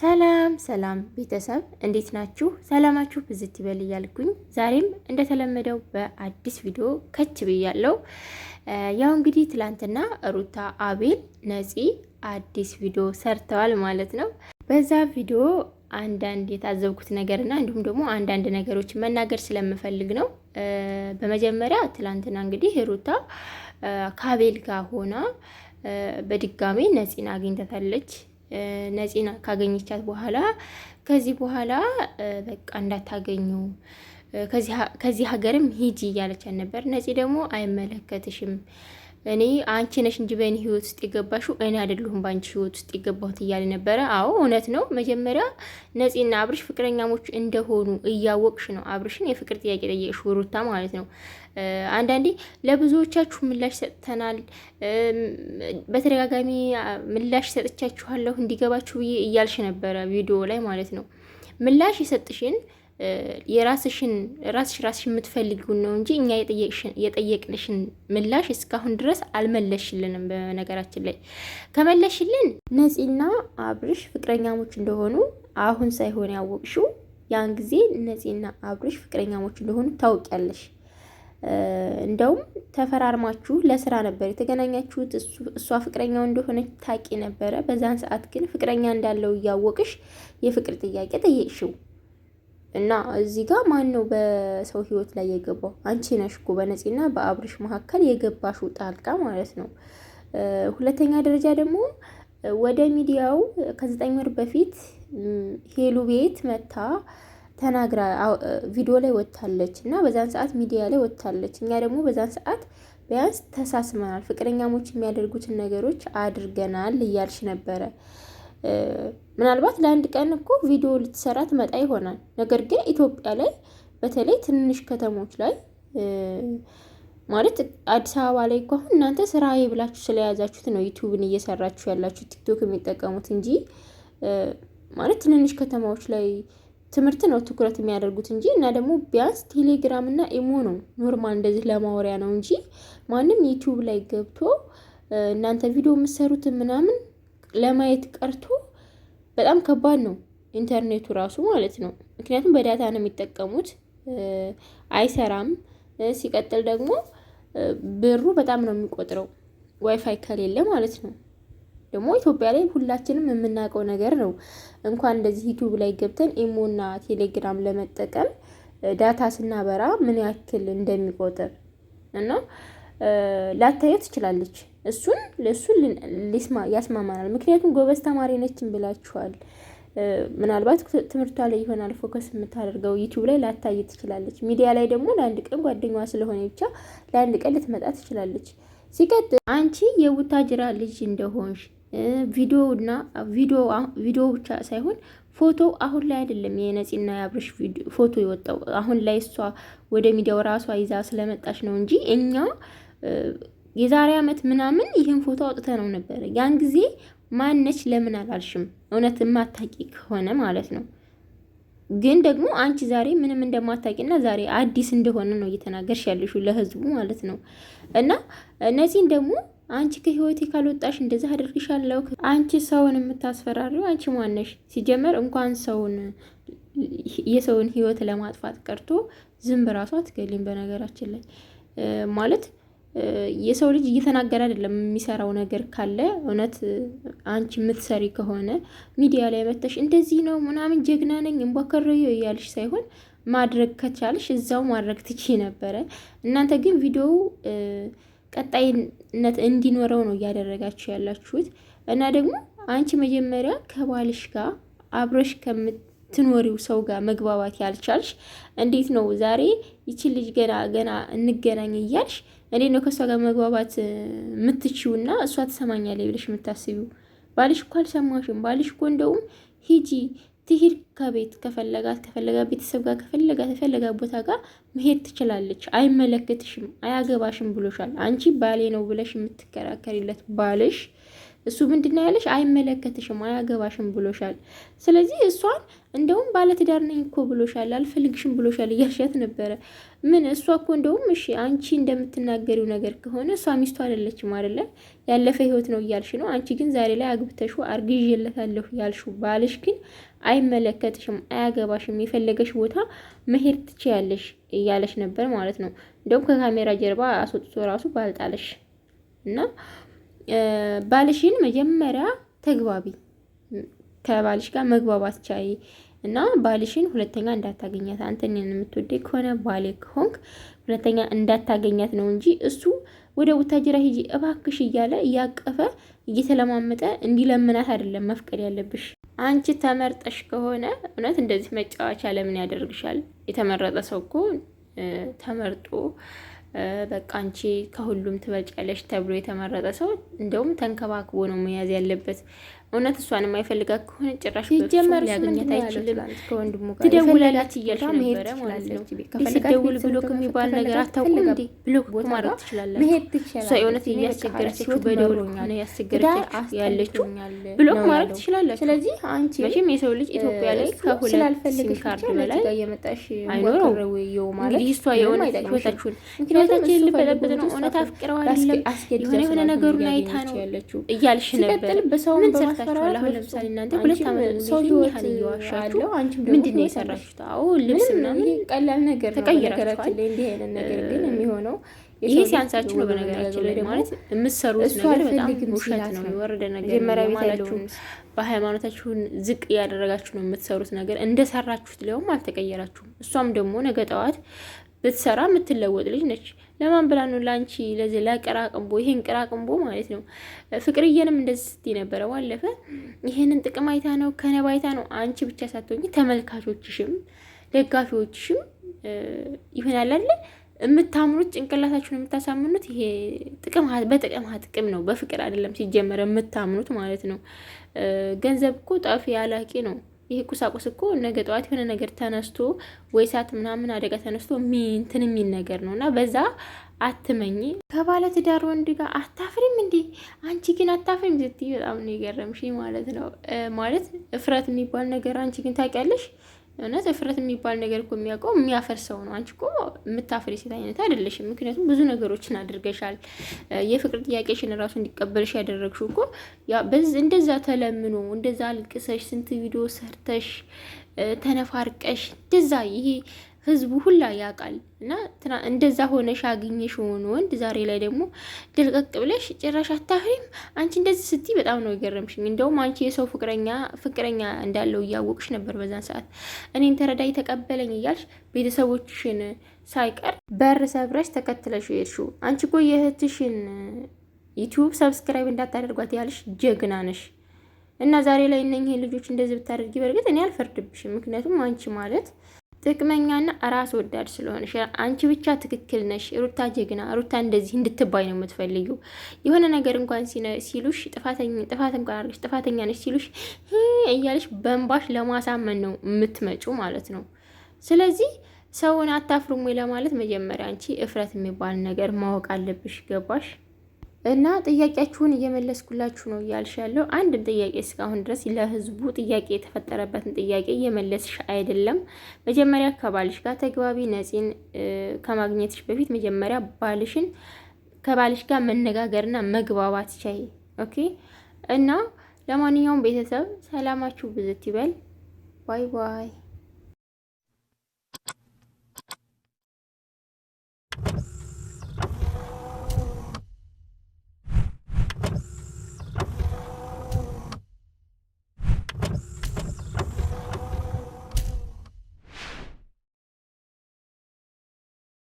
ሰላም ሰላም ቤተሰብ እንዴት ናችሁ? ሰላማችሁ ብዝት ይበል እያልኩኝ ዛሬም እንደተለመደው በአዲስ ቪዲዮ ከች ብያለሁ። ያው እንግዲህ ትላንትና ሩታ፣ አቤል፣ ነፂ አዲስ ቪዲዮ ሰርተዋል ማለት ነው። በዛ ቪዲዮ አንዳንድ የታዘብኩት ነገር እና እንዲሁም ደግሞ አንዳንድ ነገሮች መናገር ስለምፈልግ ነው። በመጀመሪያ ትላንትና እንግዲህ ሩታ ካቤል ጋር ሆና በድጋሚ ነፂን አግኝተታለች። ነፂን ካገኘቻት በኋላ ከዚህ በኋላ በቃ እንዳታገኙ ከዚህ ሀገርም ሂጂ እያለቻት ነበር። ነፂ ደግሞ አይመለከትሽም እኔ አንቺ ነሽ እንጂ በእኔ ህይወት ውስጥ የገባሽው እኔ አይደለሁም በአንቺ ህይወት ውስጥ የገባሁት እያለ ነበረ። አዎ እውነት ነው። መጀመሪያ ነፂና አብርሽ ፍቅረኛሞች እንደሆኑ እያወቅሽ ነው አብርሽን የፍቅር ጥያቄ ጠየቅሽ ሩታ ማለት ነው። አንዳንዴ ለብዙዎቻችሁ ምላሽ ሰጥተናል። በተደጋጋሚ ምላሽ ሰጥቻችኋለሁ እንዲገባችሁ ብዬ እያልሽ ነበረ ቪዲዮ ላይ ማለት ነው ምላሽ የሰጥሽን የራስሽን ራስሽ ራስሽ የምትፈልጊውን ነው እንጂ እኛ የጠየቅንሽን ምላሽ እስካሁን ድረስ አልመለሽልንም። በነገራችን ላይ ከመለሽልን ነፂና አብርሽ ፍቅረኛሞች እንደሆኑ አሁን ሳይሆን ያወቅሽው ያን ጊዜ ነፂና አብርሽ ፍቅረኛሞች እንደሆኑ ታውቂያለሽ። እንደውም ተፈራርማችሁ ለስራ ነበር የተገናኛችሁት። እሷ ፍቅረኛው እንደሆነች ታቂ ነበረ። በዛን ሰዓት ግን ፍቅረኛ እንዳለው እያወቅሽ የፍቅር ጥያቄ ጠየቅሽው። እና እዚህ ጋር ማን ነው በሰው ህይወት ላይ የገባው? አንቺ ነሽ እኮ በነፂና በአብርሽ መካከል የገባሽው ጣልቃ ማለት ነው። ሁለተኛ ደረጃ ደግሞ ወደ ሚዲያው ከዘጠኝ ወር በፊት ሄሉ ቤት መታ ተናግራ ቪዲዮ ላይ ወጥታለች እና በዛን ሰዓት ሚዲያ ላይ ወጥታለች። እኛ ደግሞ በዛን ሰዓት ቢያንስ ተሳስመናል፣ ፍቅረኛሞች የሚያደርጉትን ነገሮች አድርገናል እያልሽ ነበረ ምናልባት ለአንድ ቀን እኮ ቪዲዮ ልትሰራ ትመጣ ይሆናል። ነገር ግን ኢትዮጵያ ላይ በተለይ ትንንሽ ከተሞች ላይ ማለት አዲስ አበባ ላይ እኮ አሁን እናንተ ስራዬ ብላችሁ ስለያዛችሁት ነው ዩቱብን እየሰራችሁ ያላችሁ ቲክቶክ የሚጠቀሙት እንጂ ማለት ትንንሽ ከተማዎች ላይ ትምህርት ነው ትኩረት የሚያደርጉት እንጂ እና ደግሞ ቢያንስ ቴሌግራም እና ኢሞ ነው ኖርማል እንደዚህ ለማወሪያ ነው እንጂ ማንም ዩቱብ ላይ ገብቶ እናንተ ቪዲዮ የምትሰሩትን ምናምን ለማየት ቀርቶ በጣም ከባድ ነው ኢንተርኔቱ ራሱ ማለት ነው። ምክንያቱም በዳታ ነው የሚጠቀሙት፣ አይሰራም። ሲቀጥል ደግሞ ብሩ በጣም ነው የሚቆጥረው ዋይፋይ ከሌለ ማለት ነው። ደግሞ ኢትዮጵያ ላይ ሁላችንም የምናውቀው ነገር ነው። እንኳን እንደዚህ ዩቱብ ላይ ገብተን ኢሞና ቴሌግራም ለመጠቀም ዳታ ስናበራ ምን ያክል እንደሚቆጥር እና ላታየው ትችላለች። እሱን ለእሱን ያስማማናል። ምክንያቱም ጎበዝ ተማሪ ነችን ብላችኋል። ምናልባት ትምህርቷ ላይ ይሆናል ፎከስ የምታደርገው ዩቲዩብ ላይ ላታይ ትችላለች። ሚዲያ ላይ ደግሞ ለአንድ ቀን ጓደኛዋ ስለሆነ ብቻ ለአንድ ቀን ልትመጣ ትችላለች። ሲቀጥል አንቺ የቡታጅራ ልጅ እንደሆንሽ ቪዲዮና ቪዲዮ ብቻ ሳይሆን ፎቶ አሁን ላይ አይደለም የነፂና የአብርሽ ፎቶ የወጣው አሁን ላይ እሷ ወደ ሚዲያው ራሷ ይዛ ስለመጣች ነው እንጂ እኛ የዛሬ ዓመት ምናምን ይህን ፎቶ አውጥተ ነው ነበረ። ያን ጊዜ ማነች ለምን አላልሽም? እውነት ማታቂ ከሆነ ማለት ነው። ግን ደግሞ አንቺ ዛሬ ምንም እንደማታቂና ዛሬ አዲስ እንደሆነ ነው እየተናገርሽ ያለሹ ለህዝቡ ማለት ነው። እና እነዚህን ደግሞ አንቺ ከህይወቴ ካልወጣሽ እንደዛ አደርግሻለሁ። አንቺ ሰውን የምታስፈራሪው አንቺ ማነሽ? ሲጀመር እንኳን ሰውን የሰውን ህይወት ለማጥፋት ቀርቶ ዝንብ ራሷ አትገሊም። በነገራችን ላይ ማለት የሰው ልጅ እየተናገረ አይደለም የሚሰራው ነገር ካለ እውነት አንቺ የምትሰሪ ከሆነ ሚዲያ ላይ መተሽ እንደዚህ ነው ምናምን ጀግና ነኝ እንቧከረዩ እያልሽ ሳይሆን ማድረግ ከቻልሽ እዛው ማድረግ ትቺ ነበረ። እናንተ ግን ቪዲዮው ቀጣይነት እንዲኖረው ነው እያደረጋችሁ ያላችሁት። እና ደግሞ አንቺ መጀመሪያ ከባልሽ ጋር አብረሽ ከምትኖሪው ሰው ጋር መግባባት ያልቻልሽ እንዴት ነው ዛሬ ይችን ልጅ ገና ገና እንገናኝ እያልሽ እኔ ነው ከእሷ ጋር መግባባት የምትችው እና እሷ ትሰማኛለች ብለሽ የምታስቢው። ባልሽ እኮ አልሰማሽም። ባልሽ እኮ እንደውም ሂጂ ትሂድ ከቤት ከፈለጋት ከፈለጋ ቤተሰብ ጋር ከፈለጋ ተፈለጋ ቦታ ጋር መሄድ ትችላለች፣ አይመለከትሽም፣ አያገባሽም ብሎሻል። አንቺ ባሌ ነው ብለሽ የምትከራከሪለት ባልሽ እሱ ምንድነው ያለሽ? አይመለከትሽም፣ አያገባሽም ብሎሻል። ስለዚህ እሷን እንደውም ባለትዳር ነኝ እኮ ብሎሻል፣ አልፈልግሽም ብሎሻል እያልሻት ነበረ። ምን እሷ እኮ እንደውም እሺ፣ አንቺ እንደምትናገሪው ነገር ከሆነ እሷ ሚስቱ አይደለችም አይደለ? ያለፈ ህይወት ነው እያልሽ ነው። አንቺ ግን ዛሬ ላይ አግብተሹ አርግዤለታለሁ ያልሽው ባልሽ ግን አይመለከትሽም፣ አያገባሽም፣ የፈለገሽ ቦታ መሄድ ትችያለሽ እያለሽ ነበር ማለት ነው። እንደውም ከካሜራ ጀርባ አስወጥቶ ራሱ ባልጣለሽ እና ባልሽን መጀመሪያ ተግባቢ፣ ከባልሽ ጋር መግባባት ቻይ እና ባልሽን ሁለተኛ እንዳታገኛት። አንተ እኔን የምትወደኝ ከሆነ ባሌ ከሆንክ ሁለተኛ እንዳታገኛት ነው እንጂ እሱ ወደ ቡታጅራ ሂጂ እባክሽ እያለ እያቀፈ እየተለማመጠ እንዲለምናት አይደለም መፍቀድ ያለብሽ። አንቺ ተመርጠሽ ከሆነ እውነት እንደዚህ መጫወቻ ለምን ያደርግሻል? የተመረጠ ሰው እኮ ተመርጦ በቃ አንቺ ከሁሉም ትበልጫለሽ ተብሎ የተመረጠ ሰው እንደውም ተንከባክቦ ነው መያዝ ያለበት። እውነት እሷን የማይፈልጋት ከሆነ ጭራሽ በፍጹም ሊያገኘት አይችልም። ከወንድሙ ጋር ትደውለላት እያልሽ ነበረ ማለት ነው። ሲደውል ብሎክ የሚባል ነገር አታውቁም እንዴ? ብሎክ ማድረግ ትችላላችሁ። እሷ የእውነት እያስቸገረችው በደውል ነው ያስቸገረች ያለችው። ብሎክ ማድረግ ትችላለች። ስለዚህ አንቺ መቼም የሰው ልጅ ኢትዮጵያ ላይ ከሁለት ሲም ካርድ በላይ አይኖረው። እንግዲህ እሷ የሆነ ህይወታችሁን ምክንያታችን ልበለበት ነው እውነት አፍቅረው አይደለም የሆነ የሆነ ነገሩን አይታ ነው እያልሽ ነበር ምን ያስፈራል። ለምሳሌ እናንተ ሁለት ዓመት ሰው ህይወት ምንድን ነው የሰራችሁት? አዎ ልብስ ምናምን ቀላል ነገር ተቀይራችኋል። እንዲህ አይነት ነገር ግን የሚሆነው ይሄ ሲያንሳችሁ ነው። በነገራችን ላይ ማለት የምትሰሩት ነገር በጣም ውሸት ነው፣ የወረደ ነገር በሃይማኖታችሁን ዝቅ እያደረጋችሁ ነው የምትሰሩት ነገር። እንደሰራችሁት ሊሆም አልተቀየራችሁም። እሷም ደግሞ ነገ ጠዋት ብትሰራ የምትለወጥ ልጅ ነች። ለማን ብላ ነው ለአንቺ ለዚህ ለቅራቅንቦ ይሄን ቅራቅንቦ ማለት ነው። ፍቅርዬንም እንደዚህ ስትይ ነበረ ባለፈ። ይሄንን ጥቅም አይታ ነው ከነባ አይታ ነው። አንቺ ብቻ ሳትሆኝ ተመልካቾችሽም ደጋፊዎችሽም ይሆናል አለ የምታምኑት ጭንቅላታችሁን የምታሳምኑት ይሄ ጥቅም በጥቅም ጥቅም ነው፣ በፍቅር አይደለም ሲጀመር የምታምኑት ማለት ነው። ገንዘብ እኮ ጠፊ አላቂ ነው። ይህ ቁሳቁስ እኮ ነገ ጠዋት የሆነ ነገር ተነስቶ ወይ ሳት ምናምን አደጋ ተነስቶ ሚንትን የሚል ነገር ነው እና በዛ አትመኝ። ከባለ ትዳር ወንድ ጋር አታፍሪም እንዴ? አንቺ ግን አታፍሪም ስትይ በጣም ነው የገረምሽ ማለት ነው። ማለት እፍረት የሚባል ነገር አንቺ ግን ታውቂያለሽ እውነት እፍረት የሚባል ነገር እኮ የሚያውቀው የሚያፈር ሰው ነው። አንቺ እኮ የምታፍሪ ሴት አይነት አይደለሽም። ምክንያቱም ብዙ ነገሮችን አድርገሻል። የፍቅር ጥያቄሽን ራሱ እንዲቀበልሽ ያደረግሽው እኮ እንደዛ ተለምኖ እንደዛ አልቅሰሽ ስንት ቪዲዮ ሰርተሽ ተነፋርቀሽ እንደዛ ይሄ ህዝቡ ሁላ ያውቃል። እና እንደዛ ሆነሽ አግኘሽ የሆነ ወንድ ዛሬ ላይ ደግሞ ድልቀቅ ብለሽ ጭራሽ አታፍሪም? አንቺ እንደዚህ ስትይ በጣም ነው የገረምሽኝ። እንደውም አንቺ የሰው ፍቅረኛ ፍቅረኛ እንዳለው እያወቅሽ ነበር በዛን ሰዓት እኔን ተረዳይ ተቀበለኝ እያልሽ ቤተሰቦችሽን ሳይቀር በር ሰብረሽ ተከትለሽ ሄድሽው። አንቺ እኮ የእህትሽን ዩቲዩብ ሰብስክራይብ እንዳታደርጓት ያልሽ ጀግና ነሽ። እና ዛሬ ላይ እነኝህን ልጆች እንደዚህ ብታደርጊ በእርግጥ እኔ አልፈርድብሽም። ምክንያቱም አንቺ ማለት ጥቅመኛና ራስ ወዳድ ስለሆንሽ አንቺ ብቻ ትክክል ነሽ። ሩታ ጀግና፣ ሩታ እንደዚህ እንድትባይ ነው የምትፈልጊው። የሆነ ነገር እንኳን ሲሉሽ ጥፋት እንኳን አድርገሽ ጥፋተኛ ነሽ ሲሉሽ እያለሽ በእንባሽ ለማሳመን ነው የምትመጩ ማለት ነው። ስለዚህ ሰውን አታፍሩም ለማለት መጀመሪያ አንቺ እፍረት የሚባል ነገር ማወቅ አለብሽ። ገባሽ? እና ጥያቄያችሁን እየመለስኩላችሁ ነው እያልሽ ያለው አንድም ጥያቄ እስካሁን ድረስ ለህዝቡ ጥያቄ የተፈጠረበትን ጥያቄ እየመለስሽ አይደለም። መጀመሪያ ከባልሽ ጋር ተግባቢ። ነፂን ከማግኘትሽ በፊት መጀመሪያ ባልሽን ከባልሽ ጋር መነጋገርና መግባባት ቻይ። ኦኬ። እና ለማንኛውም ቤተሰብ ሰላማችሁ ብዝት ይበል። ባይ ባይ።